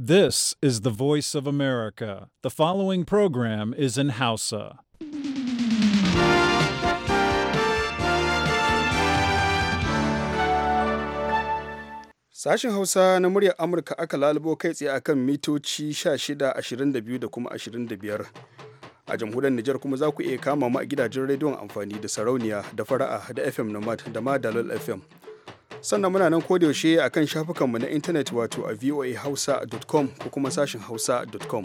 This is the voice of America. The following program is in Hausa. Sashen Hausa na muryar Amurka aka lalubo kai tsaye akan mitoci 16, 22 da kuma 25. A jamhuriyar Nijar kuma za ku iya kama mu a gidajen rediyon amfani da sarauniya da fara'a da FM Nomad da ma Dalol FM. sannan muna nan kodayaushe a kan shafukanmu na intanet wato a voahausa.com ko kuma sashin hausa.com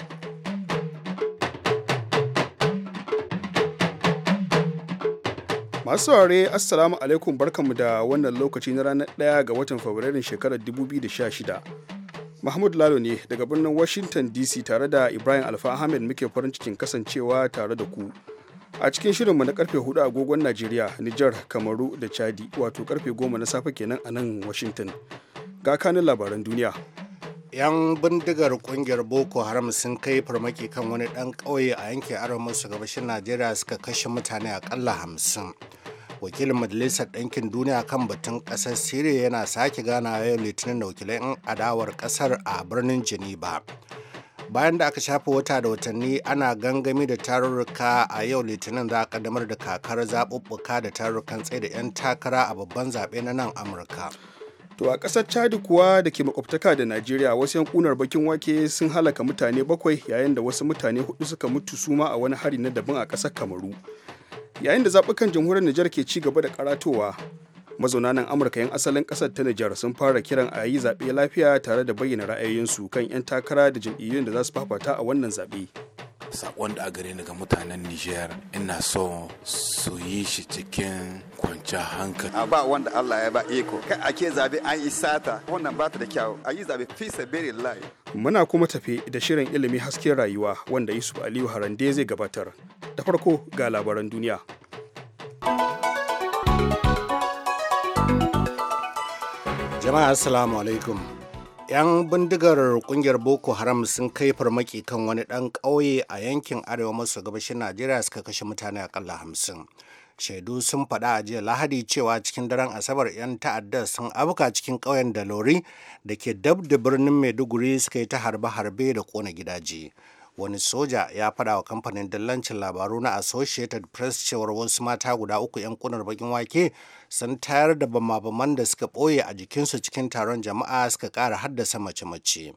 masu saurare assalamu alaikum barkanmu da wannan lokaci na ranar 1 ga watan fabrairun shekarar 2016 mahmud lalo ne daga birnin washington dc tare da ibrahim alfa ahmed muke farin cikin kasancewa tare da ku a cikin shirinmu na karfe 4 agogon najeriya nijar kamaru da chadi wato karfe 10 na safe kenan a nan washington ga kanin labaran duniya yan bindigar kungiyar boko haram sun kai farmaki kan wani dan ƙauye a yankin arewa masu gabashin najeriya suka kashe mutane akalla hamsin wakilin majalisar ɗinkin duniya kan batun ƙasar siriya yana sake ganawa yau litinin da wakilan adawar ƙasar a birnin geneva bayan da aka shafe wata da watanni ana gangami da tarurruka a yau litinin za a kaddamar da kakar zaɓuɓɓuka da tarurrukan tsaye da 'yan takara a babban zaɓe na nan amurka to a ƙasar chadi kuwa da ke makwabtaka da najeriya wasu yankunar bakin wake sun halaka mutane bakwai yayin da wasu mutane hudu suka mutu suma a wani hari na daban a ƙasar kamaru yayin da zaɓukan jamhuriyar nijar ke ci gaba da karatowa mazauna nan amurka yan asalin kasar ta nijar sun fara kiran a yi zaɓe lafiya tare da bayyana ra'ayoyinsu kan 'yan takara da jam'iyyun da za su fafata a wannan zaɓe sakon da a gare ni ga mutanen nijar ina so su yi shi cikin kwanci hankali a ba wanda allah ya ba iko kai ake zabe an yi sata wannan ba ta da kyau a yi zabe fi lai muna kuma tafi da shirin ilimi hasken rayuwa wanda yusuf aliyu harande zai gabatar da farko ga labaran duniya jama'a assalamu alaikum yan bindigar kungiyar boko haram sun kai farmaki kan wani dan ƙauye a yankin arewa maso gabashin najeriya suka kashe mutane akalla hamsin shaidu sun faɗa a jiya lahadi cewa cikin daren asabar 'yan ta'adda sun abuka cikin ƙauyen lori da ke dab da birnin maiduguri suka yi ta harbe-harbe da kona gidaje wani soja ya faɗa wa kamfanin dallancin labaru na associated press cewar wasu mata guda uku 'yan kunar bakin wake sun tayar da bama-baman da suka boye a jikinsu cikin taron jama'a suka kara haddasa mace-mace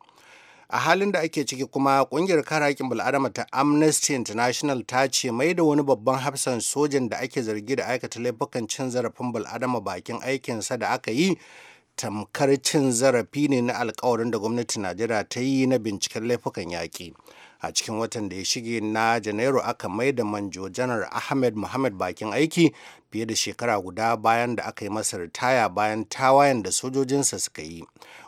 a halin da ake ciki kuma kungiyar kare haƙƙin bil'adama ta amnesty international ta ce mai da wani babban hafsan sojan da ake zargi da aikata laifukan cin zarafin bil'adama bakin aikinsa da aka yi tamkar cin zarafi ne na alkawarin da gwamnati najeriya ta yi na binciken laifukan yaƙi a cikin watan da ya shige na janairu aka mai da manjo janar ahmed muhammad bakin aiki fiye da shekara guda bayan da aka yi masa ritaya bayan tawayen da sojojinsa suka yi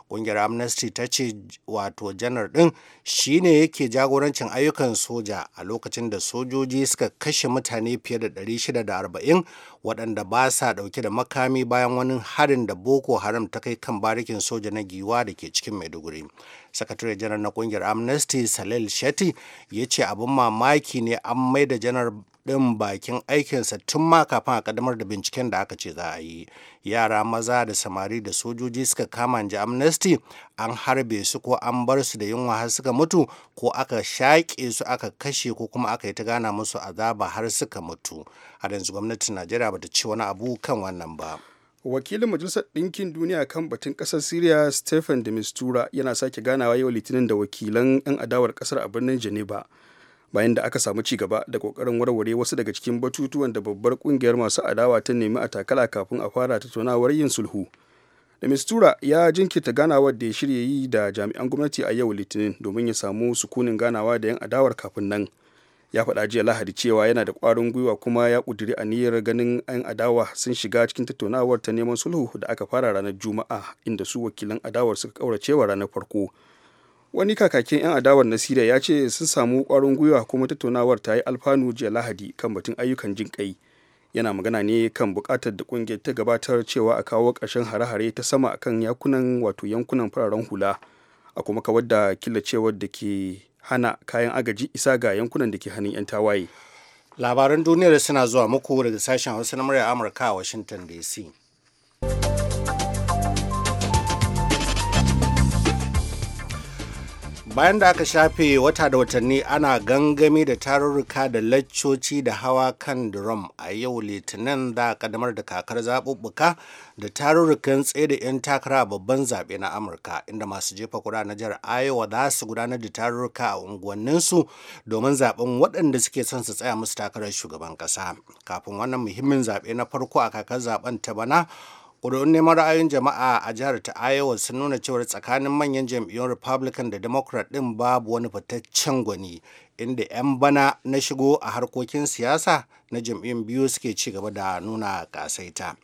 kungiyar amnesty ta ce wato janar din shine yake jagorancin ayyukan soja a lokacin da sojoji suka kashe mutane fiye da 640 waɗanda ba sa ɗauke da makami bayan wani harin da boko haram ta kai kan barikin soja na giwa da ke cikin maiduguri sakatare janar na kungiyar amnesty salil shetty ya ce abin mamaki ne an mai da janar ɗin bakin aikinsa tun ma kafin a ƙaddamar da binciken da aka ce za a yi yara maza da samari da sojoji suka kama ji amnesty an harbe su ko an bar su da yunwa har suka mutu ko aka shaƙe su aka kashe ko kuma aka yi ta gana musu azaba har suka mutu a yanzu gwamnatin najeriya bata ci wani abu kan wannan ba wakilin majalisar ɗinkin duniya kan batun ƙasar syria stephen de mistura yana sake ganawa yau litinin da wakilan 'yan adawar ƙasar a birnin geneva bayan da aka samu ci gaba da kokarin warware wasu daga cikin batutuwan da babbar kungiyar masu adawa ta nemi a takala kafin a fara tattaunawar yin sulhu da mistura ya jinkirta ganawar da ya shirya yi da jami'an gwamnati a yau litinin domin ya samu sukunin ganawa da yan adawar kafin nan ya faɗa jiya lahadi cewa yana da ƙwarin gwiwa kuma ya ƙudiri aniyar ganin 'yan adawa sun shiga cikin tattaunawar ta neman sulhu da aka fara ranar juma'a inda su wakilan adawar suka ƙauracewa ranar farko wani kakakin 'yan adawar na siriya ya ce sun samu kwarin gwiwa kuma tattaunawar ta yi alfanu jiya lahadi kan batun ayyukan jin kai yana magana ne kan bukatar da kungiyar ta gabatar cewa a kawo ƙarshen hare-hare ta sama akan yakunan wato yankunan fararen hula a kuma kawar da killacewar da ke hana kayan agaji isa ga yankunan da ke hannun 'yan tawaye labaran duniyar suna zuwa muku daga sashen hausa na murya amurka a washington dc bayan da aka shafe wata da watanni ana gangami da tarurruka da laccoci da hawa kan drum a yau litinin za a da kakar zaɓuɓɓuka da tarurrukan tsaye da 'yan takara babban zaɓe na amurka inda masu jefa kura na jihar iowa za su gudanar da tarurruka a unguwanninsu domin zaɓen waɗanda suke son su tsaya musu takarar shugaban ƙasa kafin wannan muhimmin zaɓe na farko a kakar zaɓen ta bana ƙuri'un neman ra'ayin jama'a a jihar ta iowa sun nuna cewar tsakanin manyan jam'iyyun republican da democrat ɗin babu wani fitaccen gwani inda 'yan bana na shigo a harkokin siyasa na jam'iyyun biyu suke ci gaba da nuna ƙasaita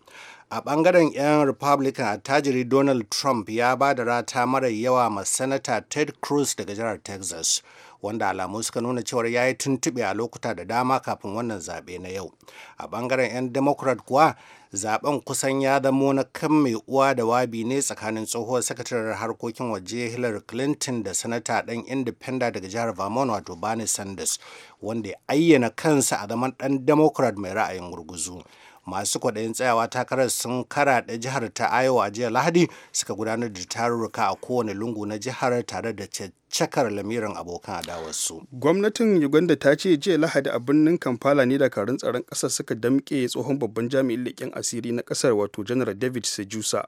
a bangaren 'yan republican attajiri donald trump ya ba da rata mara yawa ma sanata ted cruz daga jihar texas wanda alamu suka nuna cewar ya yi tuntuɓe a lokuta da dama kafin wannan zaɓe na yau a bangaren 'yan democrat kuwa zaben kusan ya zamo na kan mai uwa da wabi ne tsakanin tsohuwar sakataren harkokin waje hillary clinton da sanata dan independent daga jihar vermont wato bernie sanders wanda ya ayyana kansa a zaman dan democrat mai ra'ayin gurguzu masu kwaɗayin tsayawa takarar sun karaɗe jihar ta iowa jiya lahadi suka gudanar da tarurruka a kowane lungu na jihar tare da cakar lamirin abokan adawarsu. Gwamnatin Uganda ta ce jiya Lahadi a birnin Kampala ne da karin tsaron ƙasa suka damƙe tsohon babban jami'in leƙen asiri na ƙasar wato General David Sejusa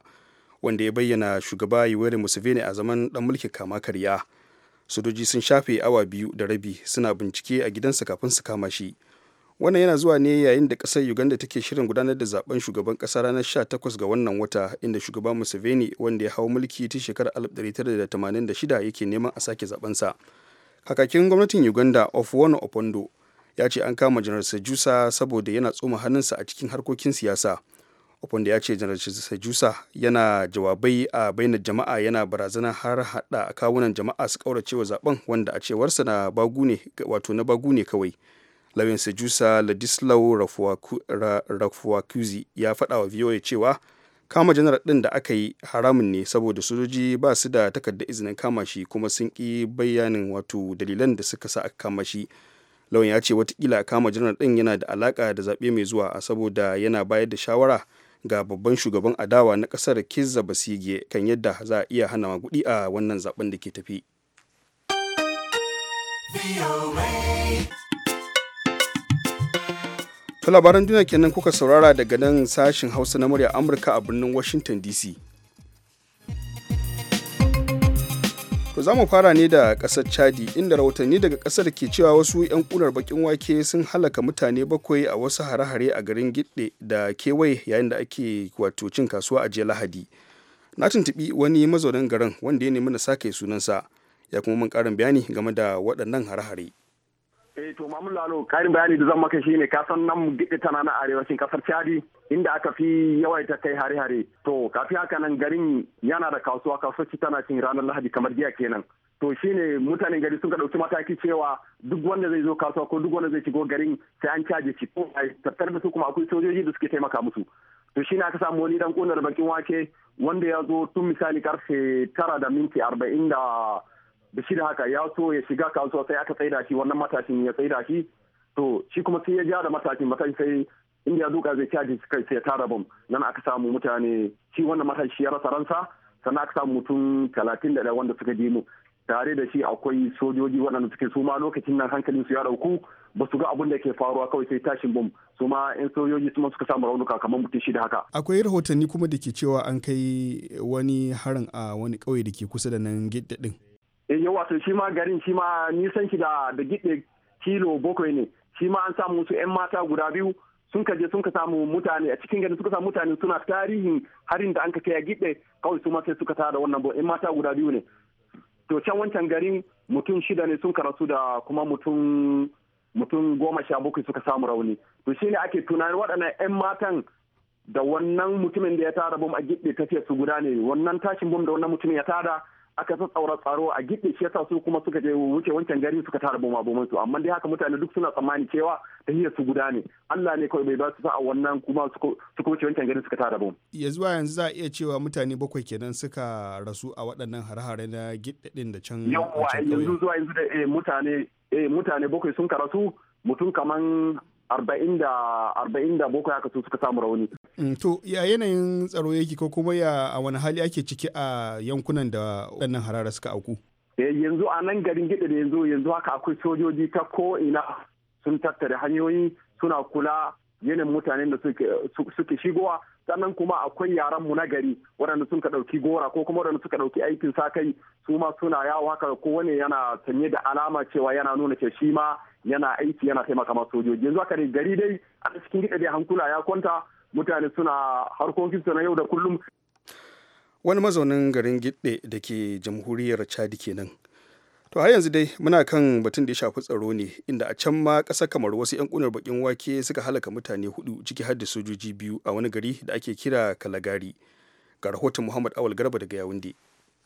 wanda ya bayyana shugaba Yoweri Museveni a zaman ɗan mulki kama karya. Sojoji sun shafe awa biyu da rabi suna bincike a gidansa kafin su kama shi. wannan yana zuwa ne yayin da kasar uganda take shirin gudanar da zaben shugaban ƙasa ranar 18 ga wannan wata inda shugaban museveni wanda ya hau mulki ta shekarar 1986 yake neman a sake zabensa kakakin gwamnatin uganda of ofwono opondo ya ce an kama janar sajusa saboda yana tsoma hannunsa a cikin harkokin siyasa opondo ya ce janar sajusa yana jawabai a bainar jama'a yana barazana har hada kawunan jama'a su kauracewa zaben wanda a cewarsa na bagu wato na bagu ne kawai lauyan sejusa ladislau rafuwakuzi ya faɗa wa voa cewa kama janar ɗin da aka yi haramun ne saboda sojoji ba su da takardar izinin kama shi kuma sun ƙi bayanin wato dalilan da suka sa aka kama shi lauyan ya ce watakila kama janar ɗin yana da alaƙa da zaɓe mai zuwa saboda yana bayar da shawara ga babban shugaban adawa na ƙasar kizza basige kan yadda za a iya hana kuɗi a wannan zaɓen da ke tafi. To labaran duniya kenan kuka saurara daga nan sashin Hausa na murya Amurka a birnin Washington DC. To za mu fara ne da ƙasar Chadi inda rahotanni daga ƙasar ke cewa wasu 'yan kunar bakin wake sun halaka mutane bakwai a wasu hare-hare a garin Gidde da kewaye yayin da ake wato cin kasuwa a jiya Lahadi. Na tuntubi wani mazaunin garin wanda ya nemi na sake sunansa ya kuma mun ƙarin bayani game da waɗannan hare-hare. Eh to Mamun Lalo karin bayani da zan maka shine ka san nan gidi tana na arewacin kasar Chadi inda aka fi yawaita kai hare-hare. To kafi haka nan garin yana da kasuwa kasuwaci tana cin ranar Lahadi kamar jiya kenan. To shine mutanen gari sun ka ɗauki mataki cewa duk wanda zai zo kasuwa ko duk wanda zai shigo garin sai an caje shi ko ai tattar da su kuma akwai sojoji da suke taimaka musu. To shine aka samu wani dan kunar bakin wake wanda ya zo tun misali karfe tara da minti arba'in da da shi da haka ya so ya shiga kasuwa sai aka tsaida shi wannan matashin ya tsaida shi to shi kuma sai ya ja da matashin matashi sai inda ya duka zai caji kai sai ya tara bom nan aka samu mutane shi wannan matashi ya rasa ransa sannan aka samu mutum talatin da wanda suka je mu tare da shi akwai sojoji waɗanda suke suma lokacin nan hankalin su ya dauku ba su ga abin da ke faruwa kawai sai tashin bom su ma yan sojoji su suka samu raunuka kamar mutum da haka akwai rahotanni kuma da ke cewa an kai wani harin a wani ƙauye da ke kusa da nan gidda ɗin Eh, yau wato shi ma garin shi ma nisan shi da da gidde kilo bakwai ne shi ma an samu su yan mata guda biyu sun kaje sun ka samu mutane a cikin garin suka samu mutane suna tarihin harin da an ka kai a gidde kawai su ma sai suka tada wannan bo yan mata guda biyu ne to can wancan garin mutum shida ne sun karasu da kuma mutum mutum goma sha bakwai suka samu rauni to shine ake tunanin waɗannan yan matan da wannan mutumin da ya tara bom a gidde tafiya su guda ne wannan tashin bom da wannan mutumin ya tada aka tsatsaura tsaro a gidde shi yasa su kuma suka je wuce wancan gari suka tara boma boman su amma dai haka mutane duk suna tsammani cewa ta hiyar su guda ne Allah ne kawai bai ba su sa'a wannan kuma suka wuce wancan gari suka tara bom ya zuwa yanzu za a iya cewa mutane bakwai kenan suka rasu a waɗannan hare-hare na ɗin da can yawa eh, yanzu zuwa yanzu da eh, mutane eh, mutane bakwai sun karasu mutum kaman arba'in da boko haka su suka samu rauni. Mm, to ya yanayin tsaro yake ko kuma ya a wani hali ake ciki a yankunan da waɗannan harara suka auku. Eh, yanzu a nan garin gida da yanzu yanzu haka akwai sojoji ta ko ina sun tattare hanyoyi suna kula yanayin mutanen da suke shigowa sannan kuma akwai yaran mu na gari waɗanda sun ka ɗauki gora ko kuma waɗanda suka ɗauki aikin sa kai su ma suna yawo haka ko wani yana sanye da alama cewa yana nuna ke shi ma yana aiki yana taimaka ma sojoji yanzu haka gari dai a cikin gida dai hankula ya kwanta mutane suna harkokin su na yau da kullum wani mazaunin garin gidde da ke jamhuriyar chad kenan to har yanzu dai muna kan batun da ya shafi tsaro ne inda a can ma ƙasa kamar wasu 'yan kunar bakin wake suka halaka mutane hudu ciki har da sojoji biyu a wani gari da ake kira kalagari ga rahoton muhammad awal garba daga yawun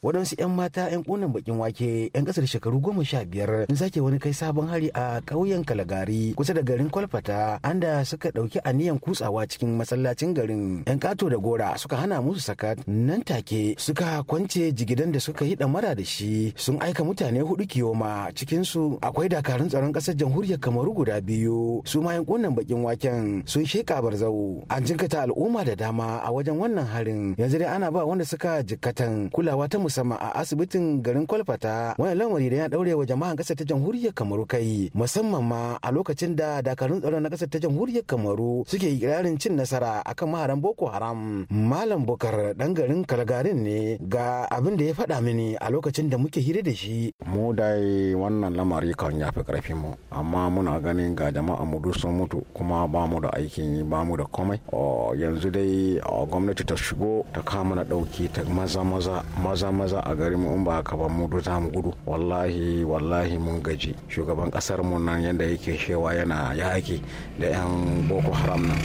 waɗansu 'yan mata 'yan ƙunan bakin wake 'yan ƙasar shekaru goma sha biyar sun sake wani kai sabon hari a ƙauyen kalagari kusa da garin kwalfata anda suka ɗauki aniyan kutsawa cikin masallacin garin 'yan ƙato da gora suka hana musu sakat nan take suka kwance jigidan da suka yi ɗamara da shi sun aika mutane hudu kiyoma cikinsu akwai dakarun tsaron ƙasar jamhuriyar kamaru guda biyu su ma 'yan ƙunan bakin waken sun sheƙa barzau an jinkata al'umma da dama a wajen wannan harin yanzu dai ana ba wanda suka jikkatan kulawa ta sama a asibitin garin kwalfata wani lamari da ya daure wa jama'an kasar ta jamhuriyar kamaru kai musamman ma a lokacin da dakarun tsaro na kasar ta jamhuriyar kamaru suke ikirarin cin nasara akan maharan boko haram malam bukar dan garin kalgarin ne ga abin da ya faɗa mini a lokacin da muke hira da shi mu dai wannan lamari kan ya fi karfin mu amma muna ganin ga jama'a mu duk sun mutu kuma ba mu da aikin yi ba mu da komai yanzu dai gwamnati ta shigo ta kama na ɗauki ta maza maza maza maza a gari mu in ba haka ba mu za mu gudu wallahi wallahi mun gaji shugaban kasar mu nan yanda yake shewa yana yaki da yan boko haram nan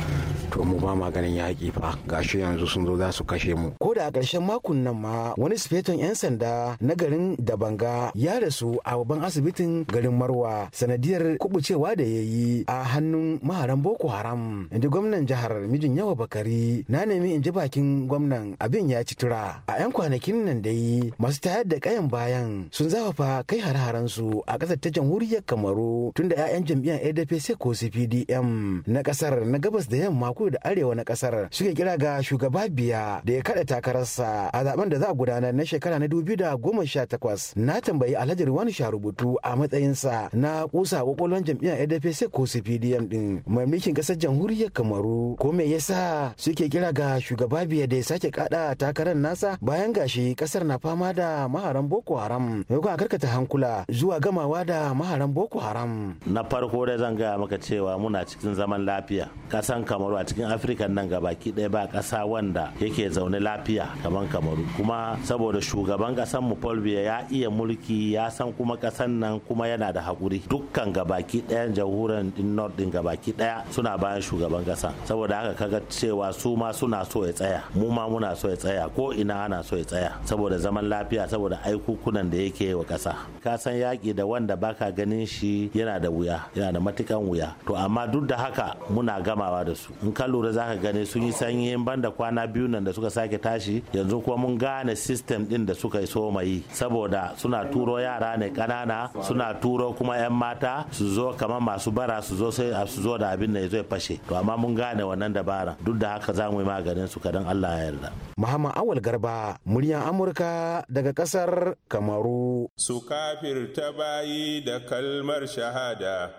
to mu ba ma ganin yaƙi fa gashi yanzu sun zo za su kashe mu ko da a ƙarshen makon nan ma wani sifeton yan sanda na garin Dabanga ya rasu a babban asibitin garin marwa sanadiyar kubucewa da ya yi a hannun maharan boko haram inda gwamnan jihar mijin yawa bakari na nemi in ji bakin gwamnan abin ya ci tura a 'yan kwanakin nan dai. yi masu tayar da kayan bayan sun zafafa kai har su a ƙasar ta jamhuriyar kamaru tun da 'ya'yan jam'iyyar adpc ko cpdm na ƙasar na gabas da yamma ko da arewa na kasar suke kira ga shugaba biya da ya kaɗa takararsa a zaben da za a gudanar na shekara na dubu da goma sha takwas na tambayi alhaji ruwan rubutu a matsayinsa na kusa kwakwalwar jam'iyyar adpc ko cpdm din mai mulkin ƙasar jamhuriyar kamaru ko me yasa suke kira ga shugaba biya da ya sake kaɗa takarar nasa bayan gashi kasar na fama da maharan boko haram ya a karkata hankula zuwa gamawa da maharan boko haram na farko dai zan gaya maka cewa muna cikin zaman lafiya kasan kamaru a cikin afirka nan gabaki ɗaya ba kasa wanda yake zaune lafiya kamar kamaru kuma saboda shugaban ƙasan mu paul biya ya iya mulki ya san kuma kasan nan kuma yana da haƙuri dukkan gabaki ɗayan jamhuriyar din nord din gabaki ɗaya suna bayan shugaban ƙasa saboda haka kaga cewa su ma suna so ya tsaya mu ma muna so ya tsaya ko ina ana so ya tsaya saboda da zaman lafiya saboda aikukunan da yake wa kasa ka san yaƙi da wanda baka ganin shi yana da wuya yana da matukan wuya to amma duk da haka muna gamawa da su in ka lura ka gani sun yi sanyi ban da kwana biyu nan da suka sake tashi yanzu kuma mun gane system din da suka so mai saboda suna turo yara ne kanana suna turo kuma yan mata su zo kamar masu bara su zo sai su zo da abin da ya zo ya fashe to amma mun gane wannan dabara duk da haka za mu yi maganin su kadan Allah ya yarda Muhammad Awal Garba muryan Amurka daga ƙasar Kamaru. Su kafir ta bayi da kalmar shahada,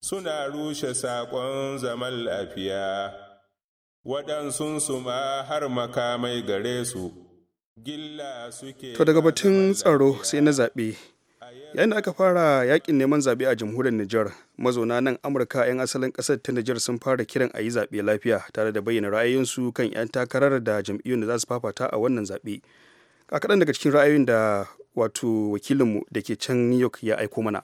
suna rushe saƙon zaman lafiya, waɗansu ma har makamai gare su, gilla suke. To daga batun tsaro sai na zaɓe. yayin da aka fara yakin neman zaɓe a jamhuriyar Nijar mazauna nan Amurka 'yan asalin ƙasar ta Nijar sun fara kiran a yi zaɓe lafiya tare da bayyana ra'ayinsu kan 'yan takarar da jam'iyyun da za su fafata a wannan zaɓe a kaɗan daga cikin ra'ayoyin da wato wakilinmu da ke can new york ya aiko mana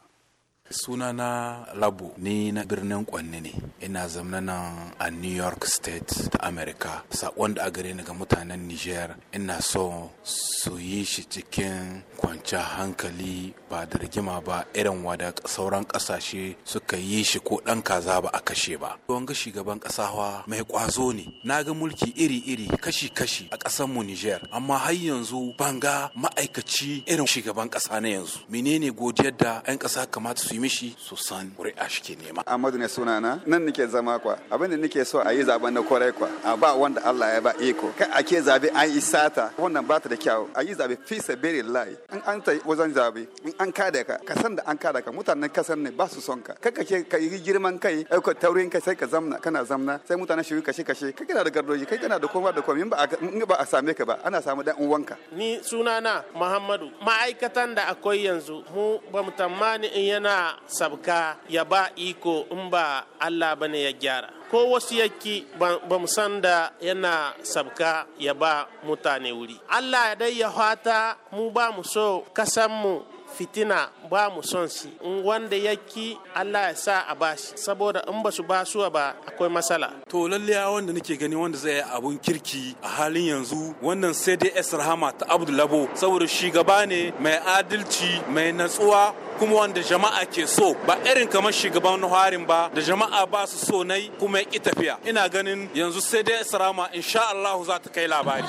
sunana labo ni na birnin kwanne ne ina zamna nan a new york state ta america sakon da a gare ni ga mutanen niger ina so su yi shi cikin kwanciyar hankali ba da rigima ba irin wada sauran kasashe suka yi shi ko ɗan kaza ba a kashe ba wanga shugaban kasawa mai ƙwazo ne na ga mulki iri-iri kashi-kashi a ƙasar mu niger amma har yanzu banga ma'aikaci irin shugaban ƙasa na yanzu menene godiyar da 'yan ƙasa kamata su yi mishi su san ƙuri'a shi ke nema. Amadu ne sunana nan nake zama kwa abin da nake so a yi zaben na kwarai kwa a ba wanda Allah ya ba iko kai ke zabe an yi sata wannan ba ta da kyau a yi zabe fi sabiri lai in an ta wajen zabe in an kada ka ka san da an kada ka mutanen kasan ne ba su son ka kai ke ka yi girman kai ka taurin kai sai ka zamna kana zamna sai mutanen shi kashe kashe kai kana da gardoji kai kana da koma da komai in ba a same ka ba ana samu dan uwanka. Ni sunana Muhammadu ma'aikatan da akwai yanzu mu ba mu tamani in yana sabka ya ba iko in ba Allah ba ne ya gyara ko wasu yaki ba san da yana sabka ya ba mutane wuri Allah dai ya fata mu ba mu so kasanmu fitina ba mu son shi in wanda yaki Allah ya sa a bashi saboda in ba su ba su ba akwai matsala to lalle wanda nake gani wanda zai yi abun kirki a halin yanzu wannan sai dai rahama ta labo saboda shugaba ne mai adalci mai natsuwa kuma wanda jama'a ke so ba irin kamar shugaban harin ba da jama'a ba su so nai kuma ya tafiya ina ganin yanzu sai dai rahama insha Allah za ta kai labari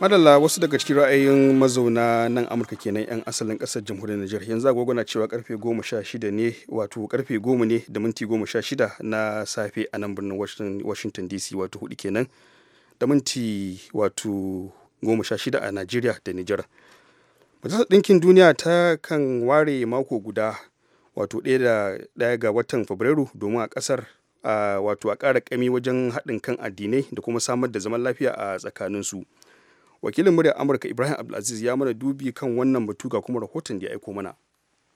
madalla wasu daga cikin ra'ayin mazauna nan amurka kenan 'yan asalin kasar jamhuriyar nijar yanzu agogo na cewa karfe 16 ne wato karfe 10 ne da minti 16 na safe a nan birnin washington dc wato hudu kenan da minti wato 16 a najeriya da nijar majalisar ɗinkin duniya ta kan ware mako guda wato ɗaya da ɗaya ga watan fabrairu domin a ƙasar wato a ƙara kami wajen haɗin kan addinai da kuma samar da zaman lafiya a tsakaninsu su wakilin muryar amurka ibrahim abdulaziz ya mana dubi kan wannan batu ga kuma rahoton da ya aiko mana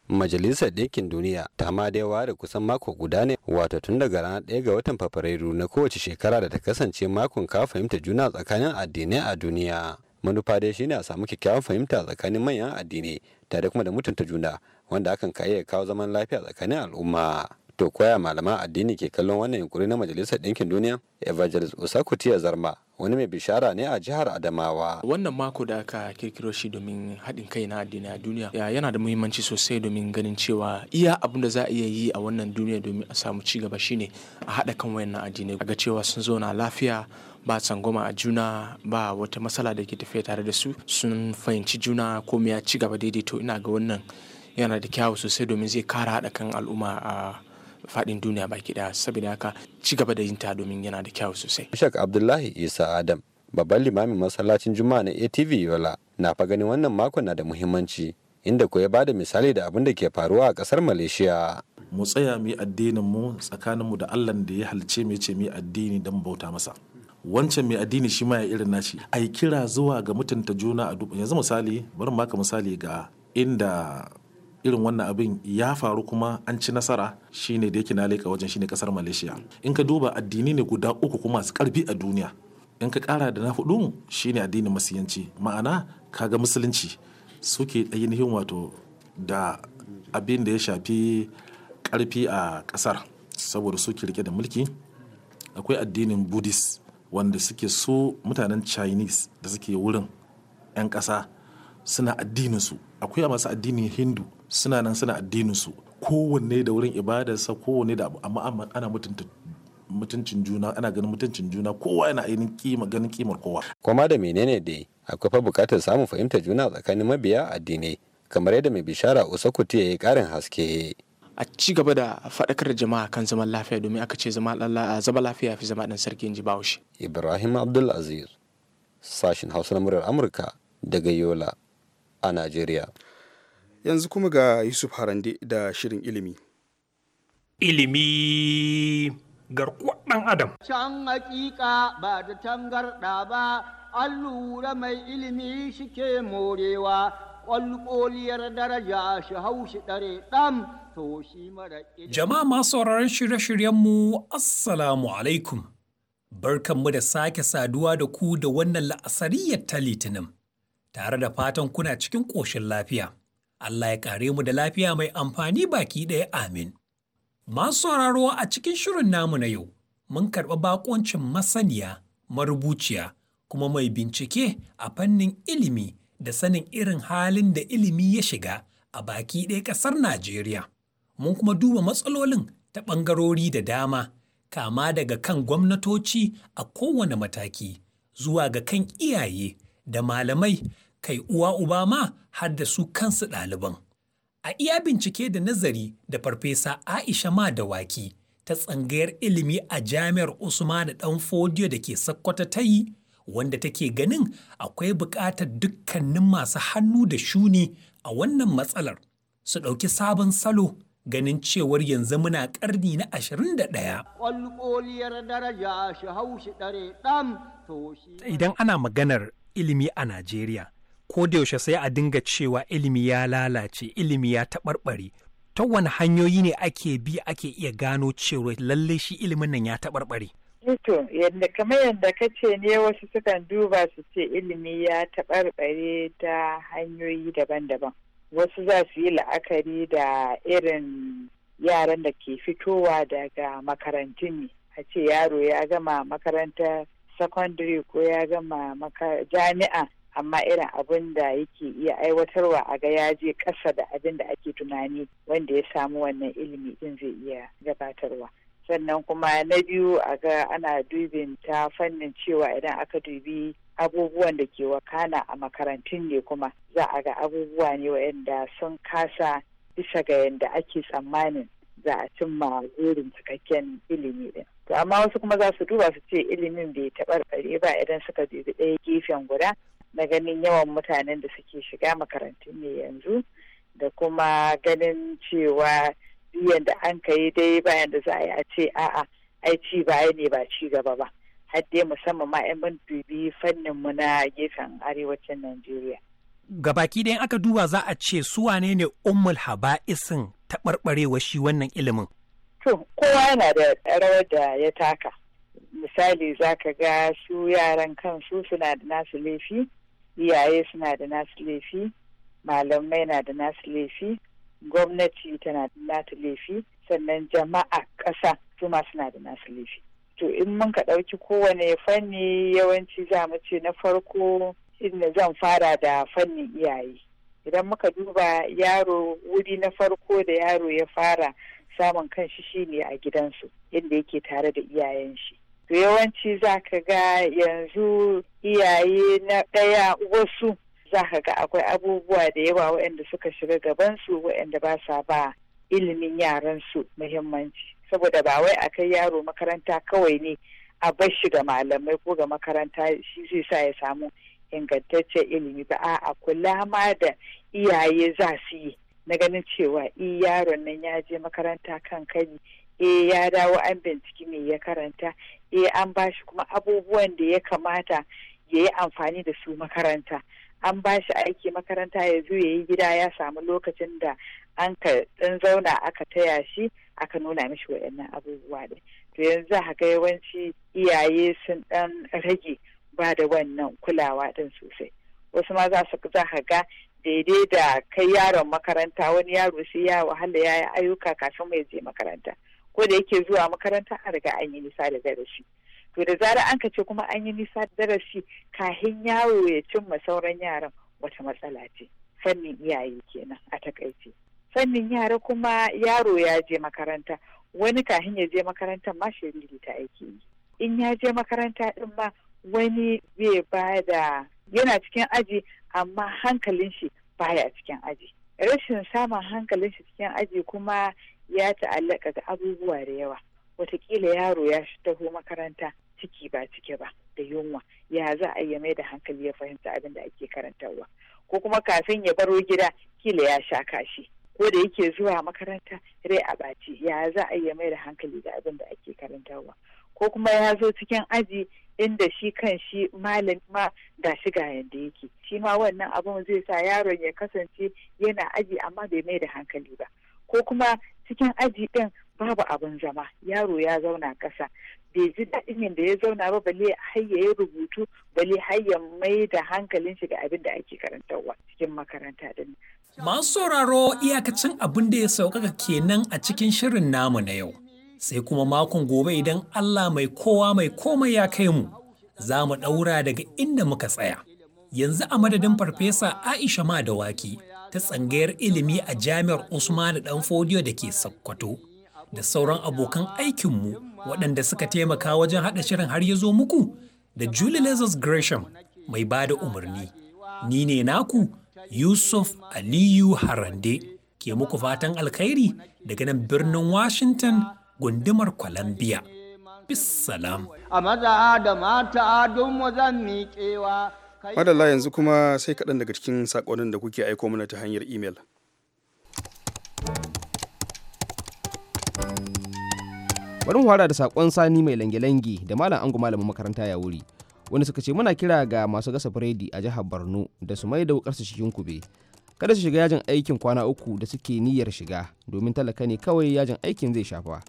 Majalisar Ɗinkin Duniya ta ma da yawa da kusan mako guda ne wato tun daga ranar ɗaya ga watan Fabrairu na kowace shekara da ta kasance makon ka fahimta juna tsakanin addinai a duniya. Manufa dai shine a samu kyakkyawan fahimta tsakanin manyan addinai tare kuma da mutunta juna wanda hakan ka iya kawo zaman lafiya tsakanin al'umma. To koya malaman addini ke kallon wannan yunkuri na Majalisar Ɗinkin Duniya? Evangelist Osakuti Zarma wani mai bishara ne a jihar Adamawa. Wannan mako da aka kirkiro shi domin haɗin kai na addini a duniya yana da muhimmanci sosai domin ganin cewa iya abin da za a iya yi a wannan duniya domin a samu ci gaba shine a haɗa kan wayannan addinai ga cewa sun zo na lafiya ba tsangwama a juna ba wata matsala da ke tafiya tare da su sun fahimci juna komai ya ci gaba daidaito ina ga wannan yana da kyawu sosai domin zai kara haɗa kan al'umma a faɗin duniya baki ɗaya saboda haka ci gaba da yin ta domin yana da kyau sosai. Shak Abdullahi Isa Adam babban limamin masallacin Juma'a na ATV Yola na fa ganin wannan makon na da muhimmanci inda ko ya bada misali da abin da ke faruwa a kasar Malaysia. Mu tsaya mu yi addinin mu tsakanin mu da Allah da ya halice mu ce mu addini don bauta masa. Wancan mai addini shi ma ya irin nashi. Ai kira zuwa ga mutunta juna a duk yanzu misali bari maka misali ga inda irin wannan abin ya faru kuma an ci nasara shine da yake na leka wajen shine kasar malaysia in ka duba addini ne guda uku kuma masu karfi a duniya in ka kara da na hudu shine addinin masiyanci ma'ana kaga musulunci suke ainihin wato da abin da ya shafi karfi a kasar saboda suke rike da mulki akwai addinin buddhist wanda suke so mutanen chinese da suke wurin 'yan ƙasa suna addininsu akwai masu addinin hindu suna nan suna addininsu kowanne da wurin ibadarsa kowanne da amma ana mutunta mutuncin juna ana ganin mutuncin juna kowa yana ainihin kima ganin kimar kowa kuma da menene dai akwai fa bukatar samun fahimtar juna tsakanin mabiya addinai kamar yadda mai bishara kuti ya yi karin haske a ci gaba da faɗakar da jama'a kan zaman lafiya domin aka ce zama lafiya fi zama ɗan sarki inji bawushi ibrahim abdul aziz sashin hausa na murar amurka daga yola a najeriya yanzu kuma ga yusuf harande da shirin ilimi ilimi garkuwar ɗan adam can hakika ba da tangarɗa ba allura mai ilimi shike morewa ƙwalƙoliyar daraja shi hau shi ɗare ɗan to shi mara jama'a masu sauraron shirye-shiryenmu assalamu alaikum barkanmu da sake saduwa da ku da wannan la'asariyar ta litinin tare da fatan kuna cikin ƙoshin lafiya Allah ya kare mu da lafiya mai amfani baki ɗaya amin. Masu sauraro a cikin shirin namu na yau, mun karɓi bakoncin masaniya, marubuciya, kuma mai bincike a fannin ilimi da sanin irin halin da ilimi ya shiga a baki ɗaya ƙasar Najeriya. Mun kuma duba matsalolin ta ɓangarori da dama, kama daga kan gwamnatoci a kowane mataki, zuwa ga kan iyaye da malamai kai uwa uba ma har da su kansu ɗaliban. A iya bincike da nazari da farfesa Aisha ma da waki ta tsangayar ilimi a jami'ar Usman da ɗan fodiyo da ke sakkwata ta yi wanda take ganin akwai buƙatar dukkanin masu hannu da shuni a wannan matsalar su ɗauki sabon salo ganin cewar yanzu muna ƙarni na 21. Ƙwalƙoliyar daraja Idan ana maganar ilimi a Najeriya, ko da yaushe sai a dinga cewa ilimi ya lalace ilimi ya taɓarɓare ta wani hanyoyi ne ake bi ake iya gano cewa lallai shi ilimin nan ya taɓarɓare eh to yadda kamar yadda ka ce ne wasu sukan duba su ce ilimi ya taɓarɓare ta hanyoyi daban-daban wasu za su yi la'akari da irin yaran da ke fitowa daga makarantun ne a ce yaro ya gama makarantar secondary ko ya gama jami'a amma irin abin da yake iya aiwatarwa a ga ya je ƙasa da abin da ake tunani wanda ya samu wannan ilimi din zai iya gabatarwa sannan kuma na biyu a ga ana dubin ta fannin cewa idan aka dubi abubuwan da ke wakana a makarantun ne kuma za a ga abubuwa ne waɗanda sun kasa bisa ga yadda ake tsammanin za a cimma burin cikakken ilimi din. To amma wasu kuma za su duba su ce ilimin bai taɓa ba idan suka dubi ɗaya gefen guda na ganin yawan mutanen da suke shiga makarantun ne yanzu da kuma ganin cewa biyan da an kai dai bayan da za a yi a ce a'a ai ci baya ne ba ci gaba ba har dai musamman ma 'yan mun dubi fannin mu na gefen arewacin Najeriya. Gabaki dai aka duba za a ce su wane ne ummul haba'isin taɓarɓarewa shi wannan ilimin. To, kowa yana da rawar da ya taka. Misali za ka ga su yaran kansu suna da nasu laifi iyaye suna da nasu laifi malamai na da nasu laifi gwamnati tana da nasu laifi sannan jama'a ƙasa suma suna da nasu laifi to in mun ka ɗauki kowane fanni yawanci za mu ce na farko inda zan fara da fannin iyaye idan muka duba yaro wuri na farko da yaro ya fara samun kanshi shine a gidansu inda yake tare da iyayen shi to yawanci za ka ga yanzu iyaye na ɗaya wasu za ka ga akwai abubuwa da yawa waɗanda suka shiga gabansu waɗanda ba sa ba ilimin yaransu muhimmanci saboda ba wai a kai yaro makaranta kawai ne a bar shi ga malamai ko ga makaranta shi zai sa ya samu ingantaccen ilimi ba a kula ma da iyaye za su yi na ganin cewa e yaron nan ya je makaranta kan kani E ya dawo an bincike me ya karanta e an bashi kuma abubuwan da ya kamata ya yi amfani da su makaranta an bashi aiki makaranta ya zo ya yi gida ya samu lokacin da an ka dan zauna aka taya shi aka nuna mishi waɗannan abubuwa ne to yanzu haka yawanci iyaye sun ɗan rage ba da wannan kulawa ɗin sosai wasu ma za su za ka ga daidai da kai yaron makaranta wani yaro sai ya wahala ya yi ayyuka kafin mai je makaranta ko da yake zuwa makaranta a riga an yi nisa da darasi to da zara an kace ce kuma an yi nisa da darasi kahin yawo ya cimma sauran yaran wata matsala ce fannin iyaye kenan a takaice fannin yara kuma yaro ya je makaranta wani kahin ya je makaranta ma shiriri ta aiki yi in ya je makaranta din ma wani bai ba yana cikin aji amma hankalin shi baya cikin aji rashin samun hankalin shi cikin aji kuma ya ta'allaka ga abubuwa da yawa watakila yaro ya shi taho makaranta ciki ba cike ba da yunwa ya za a yi mai da hankali ya fahimta abin da ake karantarwa ko kuma kafin ya baro gida kila ya sha kashi ko da yake zuwa makaranta rai a baci ya za a yi mai da hankali da abin da ake karantarwa ko kuma ya zo cikin aji inda shi kan shi malam ma ga shi ga yadda yake shi ma wannan abin zai sa yaron ya kasance yana aji amma bai mai da hankali ba ko kuma cikin aji ɗin babu abin zama yaro ya zauna ƙasa bai ji daɗin yadda ya zauna ba bale hayya ya rubutu bale hayya mai da hankalin shi ga abin da ake karantarwa cikin makaranta din. Masu sauraro iyakacin abin da ya sauƙaƙa kenan a cikin shirin namu na yau. Sai kuma makon gobe idan Allah mai kowa mai komai ya kai mu, za mu ɗaura daga inda muka tsaya. Yanzu a madadin Farfesa Aisha Madawaki. ta tsangayar ilimi a jami'ar usman Usmanu Danfodiyo da ke Sokoto da sauran abokan aikinmu waɗanda suka taimaka wajen haɗa shirin har ya zo muku da Julie Lazarus Gresham mai ba da umarni. Ni ne naku Yusuf Aliyu Harande ke muku fatan alkhairi daga nan birnin Washington gundumar Columbia. Bissalam. A maza da mata don mu zan miƙewa. madalla yanzu kuma sai kaɗan daga cikin saƙonin da kuke aiko mana ta hanyar imel bari mu fara da saƙon sani mai lange da malam angu malamin makaranta ya wuri wani suka ce muna kira ga masu gasa biredi a jihar borno da su mai da wukarsu cikin kube kada su shiga yajin aikin kwana uku da suke niyyar shiga domin talaka ne kawai yajin aikin zai shafa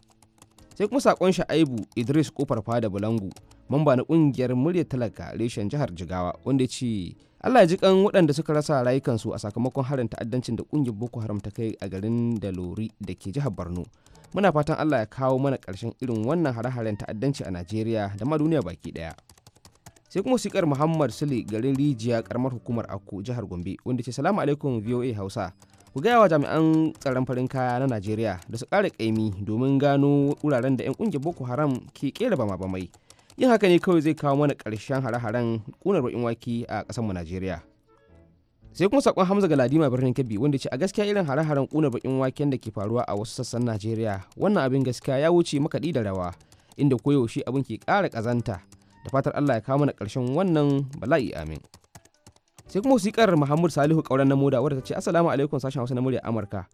sai kuma sakon sha'aibu idris kofar fada bulangu mamba na kungiyar muryar talaka reshen jihar jigawa wanda ya ce allah ya ji kan waɗanda suka rasa rayukansu a sakamakon harin ta'addancin da kungiyar boko haram ta kai a garin dalori da ke jihar borno muna fatan allah ya kawo mana ƙarshen irin wannan hare-haren ta'addanci a najeriya da ma duniya baki ɗaya sai kuma sikar muhammad sule garin rijiya karamar hukumar akko jihar gombe wanda ce salamu alaikum voa hausa ku gaya wa jami'an tsaron farin kaya na najeriya da su ƙara ƙaimi domin gano wuraren da 'yan ƙungiyar boko haram ke ƙera bama bamai yin haka ne kawai zai kawo mana karshen hare-haren ƙunar baƙin wake a mu najeriya sai kuma sakon hamza ga ladima birnin kebbi wanda ce a gaskiya irin hare-haren ƙunar baƙin waken da ke faruwa a wasu sassan najeriya wannan abin gaskiya ya wuce makaɗi da rawa inda koyaushe abin ke ƙara ƙazanta da fatar allah ya kawo mana ƙarshen wannan bala'i amin sai kuma wasiƙar muhammad salihu ƙauren na moda wadda ta ce assalamu alaikum sashen hausa na murya amurka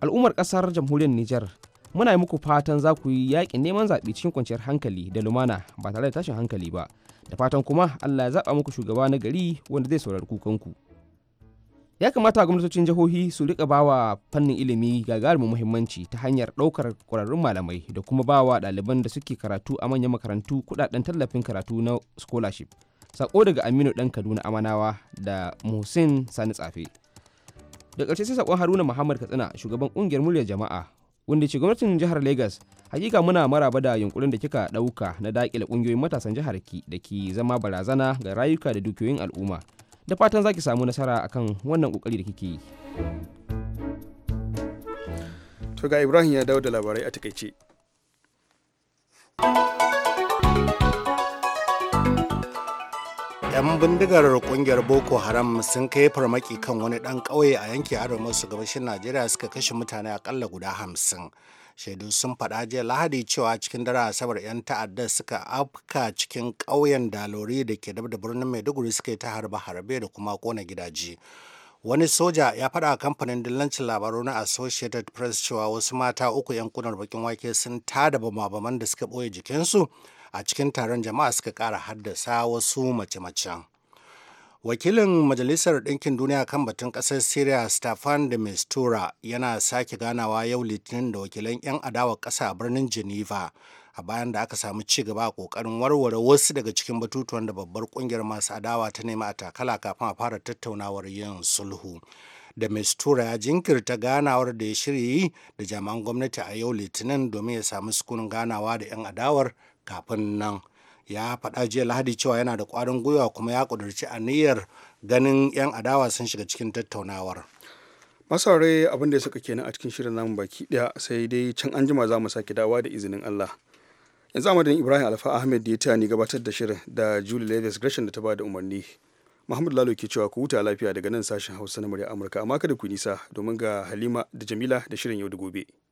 al'ummar ƙasar jamhuriyar nijar muna yi muku fatan za ku yi yaƙin neman zaɓe cikin kwanciyar hankali da lumana ba tare da tashin hankali ba da fatan kuma allah ya zaɓa muku shugaba na gari wanda zai saurari kukanku ya kamata gwamnatocin jihohi su rika bawa fannin ilimi gagarumin muhimmanci ta hanyar ɗaukar ƙwararrun malamai da kuma bawa ɗaliban da suke karatu a manyan makarantu kuɗaɗen tallafin karatu na scholarship sako daga aminu ɗan kaduna amanawa da muhsin sani tsafe da ƙarshe sai sakon haruna muhammad katsina shugaban ƙungiyar muryar jama'a wanda ce gwamnatin jihar Legas hakika muna maraba da yunkurin da kika ɗauka na daƙile ƙungiyoyin matasan jihar ki da ki zama barazana ga rayuka da dukiyoyin al'umma da fatan zaki ki samu nasara akan wannan ƙoƙari da kike yi. To ga Ibrahim ya dawo da labarai a takaice. 'yan bindigar kungiyar boko haram sun kai farmaki kan wani ɗan ƙauye a yanki arewa masu gabashin najeriya suka kashe mutane akalla guda hamsin shaidu sun faɗa jiya lahadi cewa cikin dare asabar 'yan ta'adda suka afka cikin ƙauyen dalori da ke dab da birnin maiduguri suka yi ta harba harbe da kuma kona gidaje wani soja ya faɗa a kamfanin dillancin labaru na associated press cewa wasu mata uku 'yan kunar bakin wake sun tada bama-baman da suka ɓoye jikinsu a cikin taron jama'a suka kara haddasa wasu mace-macen. wakilin majalisar ɗinkin duniya kan batun ƙasar syria stefan de mistura yana sake ganawa yau litinin da wakilan 'yan adawa ƙasa a birnin geneva a bayan da aka samu ci gaba a ƙoƙarin warware wasu daga cikin batutuwan da babbar ƙungiyar masu adawa ta nema a takala kafin a fara tattaunawar yin sulhu da mistura ya jinkirta ganawar da ya shirya yi da jami'an gwamnati a yau litinin domin ya samu sukunin ganawa da 'yan adawar kafin nan ya faɗa jiya lahadi cewa yana da ƙwarin gwiwa kuma ya ƙudurci aniyar ganin 'yan adawa sun shiga cikin tattaunawar masarai abin da ya saka kenan a cikin shirin namu baki ɗaya sai dai can anjima za mu sake dawa da izinin allah yanzu amadin ibrahim alfa ahmed da ya taya ni gabatar da shirin da julie levis gresham da ta ba da umarni mahmud lalo ke cewa ku huta lafiya daga nan sashen hausa na murya amurka amma kada ku nisa domin ga halima da jamila da shirin yau da gobe